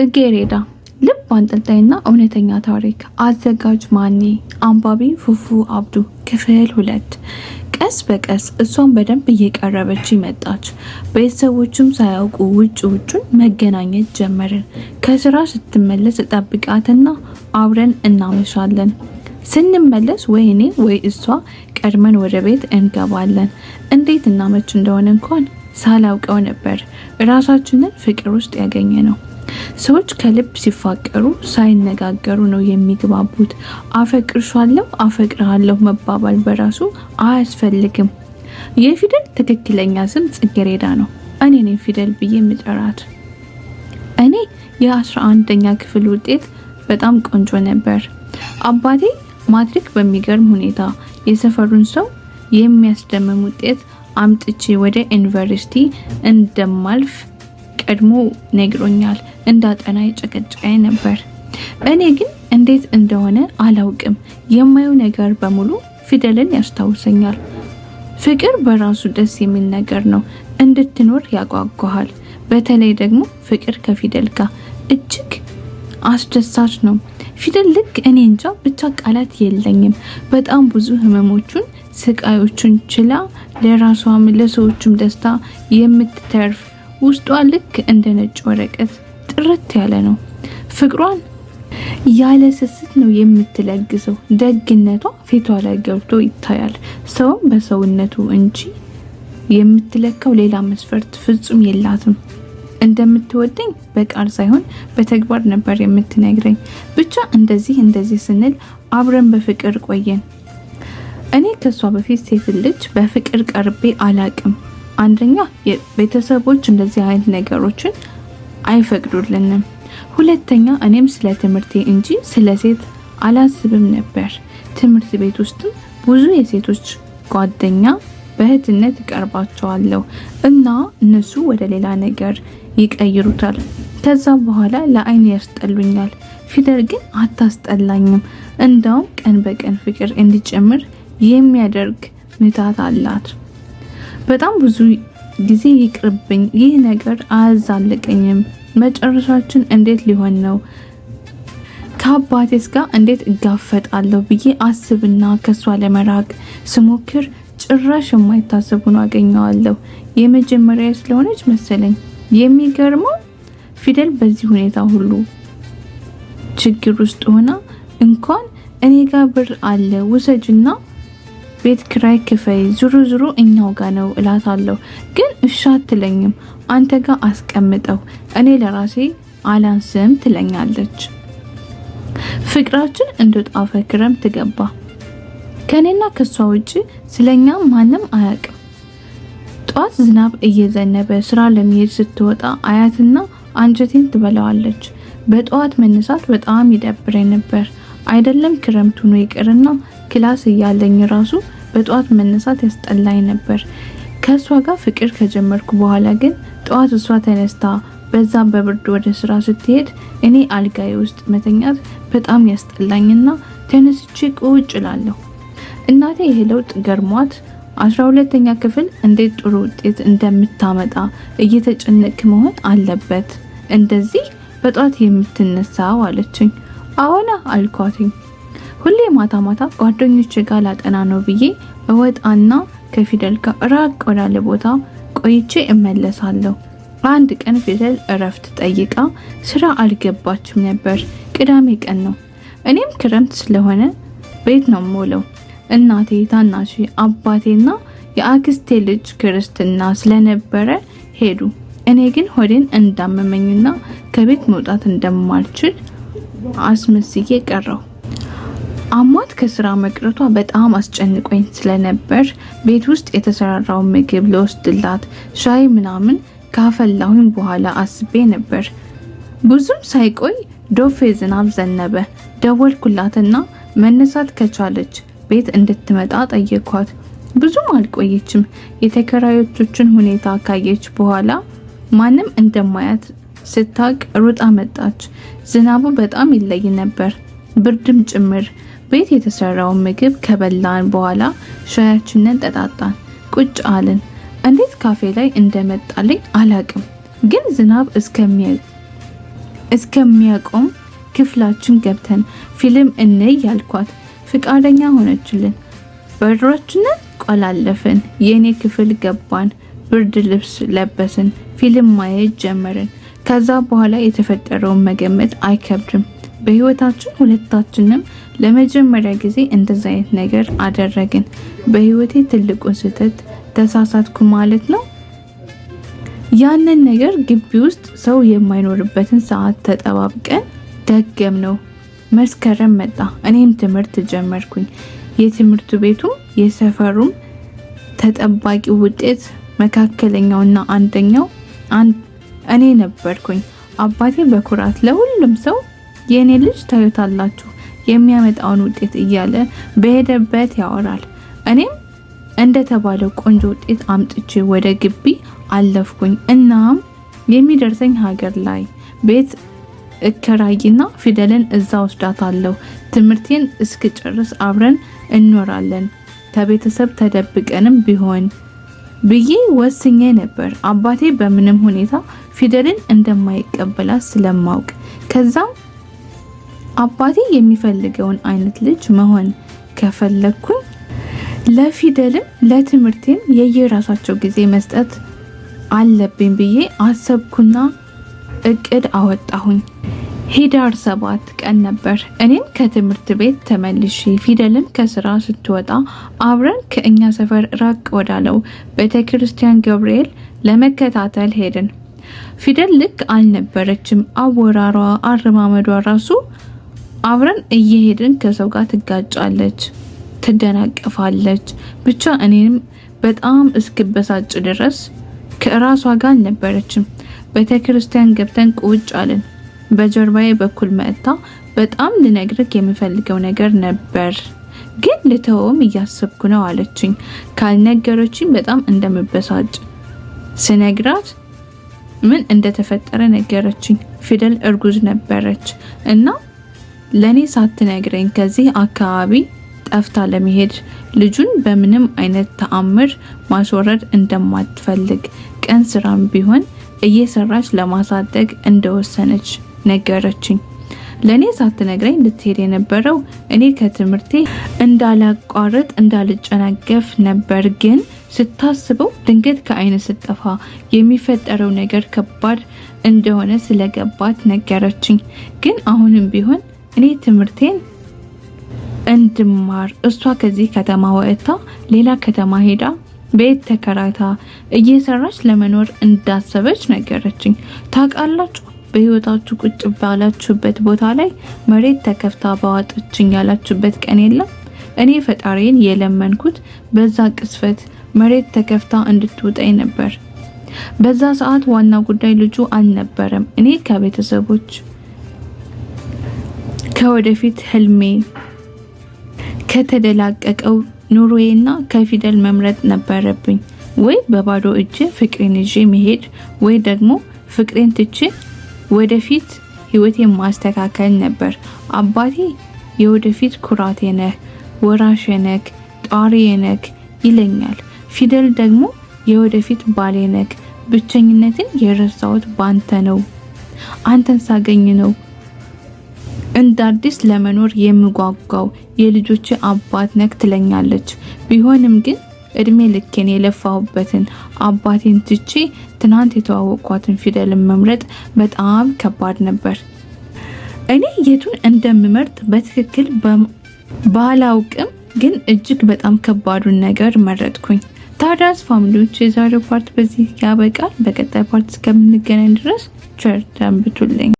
ጽጌሬዳ ልብ አንጠልጣይና እውነተኛ ታሪክ አዘጋጅ ማኔ፣ አንባቢ ፉፉ አብዱ። ክፍል ሁለት ቀስ በቀስ እሷን በደንብ እየቀረበች ይመጣች። ቤተሰቦቹም ሳያውቁ ውጭ ውጩን መገናኘት ጀመርን። ከስራ ስትመለስ እጠብቃትና አብረን እናመሻለን። ስንመለስ ወይ እኔ ወይ እሷ ቀድመን ወደ ቤት እንገባለን። እንዴት እናመች እንደሆነ እንኳን ሳላውቀው ነበር ራሳችንን ፍቅር ውስጥ ያገኘ ነው። ሰዎች ከልብ ሲፋቀሩ ሳይነጋገሩ ነው የሚግባቡት። አፈቅርሻለሁ፣ አፈቅርሃለሁ መባባል በራሱ አያስፈልግም። የፊደል ትክክለኛ ስም ጽጌሬዳ ነው። እኔ ነኝ ፊደል ብዬ የምጠራት። እኔ የአስራ አንደኛ ክፍል ውጤት በጣም ቆንጆ ነበር። አባቴ ማትሪክ በሚገርም ሁኔታ የሰፈሩን ሰው የሚያስደምም ውጤት አምጥቼ ወደ ዩኒቨርሲቲ እንደማልፍ ቀድሞ ነግሮኛል። እንዳጠና የጨቀጨቀኝ ነበር። እኔ ግን እንዴት እንደሆነ አላውቅም፣ የማየው ነገር በሙሉ ፊደልን ያስታውሰኛል። ፍቅር በራሱ ደስ የሚል ነገር ነው። እንድትኖር ያጓጓሃል። በተለይ ደግሞ ፍቅር ከፊደል ጋር እጅግ አስደሳች ነው። ፊደል ልክ እኔ እንጃ ብቻ ቃላት የለኝም። በጣም ብዙ ህመሞቹን፣ ስቃዮቹን ችላ ለራሷም ለሰዎቹም ደስታ የምትተርፍ ውስጧ ልክ እንደ ነጭ ወረቀት ጥርት ያለ ነው። ፍቅሯን ያለ ስስት ነው የምትለግሰው። ደግነቷ ፊቷ ላይ ገብቶ ይታያል። ሰውም በሰውነቱ እንጂ የምትለካው ሌላ መስፈርት ፍጹም የላትም። እንደምትወደኝ በቃል ሳይሆን በተግባር ነበር የምትነግረኝ። ብቻ እንደዚህ እንደዚህ ስንል አብረን በፍቅር ቆየን። እኔ ከሷ በፊት ሴት ልጅ በፍቅር ቀርቤ አላቅም። አንደኛ ቤተሰቦች እንደዚህ አይነት ነገሮችን አይፈቅዱልንም። ሁለተኛ እኔም ስለ ትምህርቴ እንጂ ስለ ሴት አላስብም ነበር። ትምህርት ቤት ውስጥም ብዙ የሴቶች ጓደኛ በእህትነት ይቀርባቸዋለሁ እና እነሱ ወደ ሌላ ነገር ይቀይሩታል። ከዛ በኋላ ለአይን ያስጠሉኛል። ፊደል ግን አታስጠላኝም። እንዳውም ቀን በቀን ፍቅር እንዲጨምር የሚያደርግ ምታት አላት። በጣም ብዙ ጊዜ ይቅርብኝ፣ ይህ ነገር አያዛልቀኝም፣ መጨረሻችን እንዴት ሊሆን ነው ከአባቴስ ጋር እንዴት እጋፈጣለሁ ብዬ አስብና ከሷ ለመራቅ ስሞክር ጭራሽ የማይታሰቡ ነው አገኘዋለሁ። የመጀመሪያ ስለሆነች መሰለኝ። የሚገርመው ፊደል በዚህ ሁኔታ ሁሉ ችግር ውስጥ ሆና እንኳን እኔ ጋር ብር አለ ውሰጅና ቤት ክራይ ክፈይ፣ ዙሩ ዙሩ እኛው ጋ ነው አለው ግን እሻ አትለኝም። አንተ ጋር አስቀምጠው እኔ ለራሴ አላንስም ትለኛለች። ፍቅራችን እንደ ጣፈ ክረምት ገባ። ከእኔና ከሷ ውጭ ስለኛ ማንም አያቅም! ጧት ዝናብ እየዘነበ ስራ ለመሄድ ስትወጣ አያትና አንጀቴን ትበላዋለች። በጠዋት መነሳት በጣም ይደብረኝ ነበር። አይደለም ክረምት ሆኖ ይቅርና ክላስ እያለኝ ራሱ በጠዋት መነሳት ያስጠላኝ ነበር። ከእሷ ጋር ፍቅር ከጀመርኩ በኋላ ግን ጠዋት እሷ ተነስታ በዛ በብርድ ወደ ስራ ስትሄድ እኔ አልጋዬ ውስጥ መተኛት በጣም ያስጠላኝና ተነስቼ ቁጭ እላለሁ። እናቴ ይህ ለውጥ ገርሟት አስራ ሁለተኛ ክፍል እንዴት ጥሩ ውጤት እንደምታመጣ እየተጨነቅ መሆን አለበት እንደዚህ በጠዋት የምትነሳው አለችኝ። አዎና አልኳትኝ። ሁሌ ማታ ማታ ጓደኞች ጋር ላጠና ነው ብዬ እወጣና ከፊደል ጋር ራቅ ወዳለ ቦታ ቆይቼ እመለሳለሁ። አንድ ቀን ፊደል እረፍት ጠይቃ ስራ አልገባችም ነበር። ቅዳሜ ቀን ነው። እኔም ክረምት ስለሆነ ቤት ነው ሞለው። እናቴ፣ ታናሽ አባቴና የአክስቴ ልጅ ክርስትና ስለነበረ ሄዱ። እኔ ግን ሆዴን እንዳመመኝና ከቤት መውጣት እንደማልችል አስመስዬ ቀረሁ። አሟት ከስራ መቅረቷ በጣም አስጨንቆኝ ስለነበር ቤት ውስጥ የተሰራራውን ምግብ ለወስድላት ሻይ ምናምን ካፈላሁኝ በኋላ አስቤ ነበር። ብዙም ሳይቆይ ዶፌ ዝናብ ዘነበ። ደወልኩላትና መነሳት ከቻለች ቤት እንድትመጣ ጠየኳት። ብዙም አልቆየችም። የተከራዮቹን ሁኔታ ካየች በኋላ ማንም እንደማያት ስታቅ ሩጣ መጣች። ዝናቡ በጣም ይለይ ነበር፣ ብርድም ጭምር። ቤት የተሰራውን ምግብ ከበላን በኋላ ሻያችንን ጠጣጣን፣ ቁጭ አልን። እንዴት ካፌ ላይ እንደመጣልኝ አላቅም፣ ግን ዝናብ እስከሚያቆም ክፍላችን ገብተን ፊልም እንይ ያልኳት ፍቃደኛ ሆነችልን። በሮችንን ቆላለፍን፣ የእኔ ክፍል ገባን፣ ብርድ ልብስ ለበስን፣ ፊልም ማየት ጀመርን። ከዛ በኋላ የተፈጠረውን መገመት አይከብድም። በህይወታችን ሁለታችንም ለመጀመሪያ ጊዜ እንደዛ አይነት ነገር አደረግን። በህይወቴ ትልቁ ስህተት ተሳሳትኩ ማለት ነው። ያንን ነገር ግቢ ውስጥ ሰው የማይኖርበትን ሰዓት ተጠባብቀን ደገም ነው። መስከረም መጣ፣ እኔም ትምህርት ጀመርኩኝ። የትምህርት ቤቱም የሰፈሩም ተጠባቂ ውጤት መካከለኛውና አንደኛው እኔ ነበርኩኝ። አባቴ በኩራት ለሁሉም ሰው የእኔ ልጅ ታዩታላችሁ የሚያመጣውን ውጤት እያለ በሄደበት ያወራል። እኔም እንደተባለው ቆንጆ ውጤት አምጥቼ ወደ ግቢ አለፍኩኝ። እናም የሚደርሰኝ ሀገር ላይ ቤት እከራይና ፊደልን እዛ ወስዳታለሁ። ትምህርቴን እስክጨርስ አብረን እንኖራለን ከቤተሰብ ተደብቀንም ቢሆን ብዬ ወስኜ ነበር። አባቴ በምንም ሁኔታ ፊደልን እንደማይቀበላት ስለማውቅ ከዛም አባቴ የሚፈልገውን አይነት ልጅ መሆን ከፈለግኩኝ ለፊደልም ለትምህርቴም የየራሳቸው ጊዜ መስጠት አለብኝ ብዬ አሰብኩና እቅድ አወጣሁኝ። ሂዳር ሰባት ቀን ነበር። እኔም ከትምህርት ቤት ተመልሼ ፊደልም ከስራ ስትወጣ አብረን ከእኛ ሰፈር ራቅ ወዳለው ቤተ ክርስቲያን ገብርኤል ለመከታተል ሄድን። ፊደል ልክ አልነበረችም። አወራሯ፣ አረማመዷ ራሱ አብረን እየሄድን ከሰው ጋር ትጋጫለች፣ ትደናቀፋለች። ብቻ እኔም በጣም እስክበሳጭ ድረስ ከራሷ ጋር አልነበረችም። ቤተ ክርስቲያን ገብተን ቁጭ አልን። በጀርባዬ በኩል መጥታ በጣም ልነግርህ የምፈልገው ነገር ነበር ግን ልተወውም እያሰብኩ ነው አለችኝ። ካልነገረችኝ በጣም እንደምበሳጭ ስነግራት ምን እንደተፈጠረ ነገረችኝ። ፊደል እርጉዝ ነበረች እና ለእኔ ሳትነግረኝ ከዚህ አካባቢ ጠፍታ ለመሄድ ልጁን በምንም አይነት ተአምር ማስወረድ እንደማትፈልግ ቀን ስራም ቢሆን እየሰራች ለማሳደግ እንደወሰነች ነገረችኝ። ለእኔ ሳትነግረኝ ልትሄድ የነበረው እኔ ከትምህርቴ እንዳላቋርጥ እንዳልጨናገፍ ነበር። ግን ስታስበው ድንገት ከአይነ ስጠፋ የሚፈጠረው ነገር ከባድ እንደሆነ ስለገባት ነገረችኝ። ግን አሁንም ቢሆን እኔ ትምህርቴን እንድማር እሷ ከዚህ ከተማ ወጥታ ሌላ ከተማ ሄዳ ቤት ተከራይታ እየሰራች ለመኖር እንዳሰበች ነገረችኝ። ታውቃላችሁ በህይወታችሁ ቁጭ ባላችሁበት ቦታ ላይ መሬት ተከፍታ በዋጠችኝ ያላችሁበት ቀን የለም። እኔ ፈጣሪን የለመንኩት በዛ ቅስፈት መሬት ተከፍታ እንድትውጠኝ ነበር። በዛ ሰዓት ዋና ጉዳይ ልጁ አልነበረም። እኔ ከቤተሰቦች ከወደፊት ህልሜ ከተደላቀቀው ኑሮዬና ከፊደል መምረጥ ነበረብኝ። ወይ በባዶ እጅ ፍቅሬን ይዤ መሄድ ወይ ደግሞ ፍቅሬን ትቼ ወደፊት ህይወቴን ማስተካከል ነበር። አባቴ የወደፊት ኩራቴ ነህ፣ ወራሽ ነክ፣ ጧሪ ነክ ይለኛል። ፊደል ደግሞ የወደፊት ባሌ ነክ፣ ብቸኝነትን የረሳሁት ባንተ ነው፣ አንተን ሳገኝ ነው እንደ አዲስ ለመኖር የምጓጓው የልጆች አባት ነክ ትለኛለች። ቢሆንም ግን እድሜ ልኬን የለፋሁበትን አባቴን ትቼ ትናንት የተዋወቅኳትን ፊደልን መምረጥ በጣም ከባድ ነበር። እኔ የቱን እንደምመርጥ በትክክል ባላውቅም ግን እጅግ በጣም ከባዱን ነገር መረጥኩኝ። ታዲያስ ፋሚሊዎች የዛሬው ፓርት በዚህ ያበቃል። በቀጣይ ፓርት እስከምንገናኝ ድረስ ቸር ሰንብቱልኝ።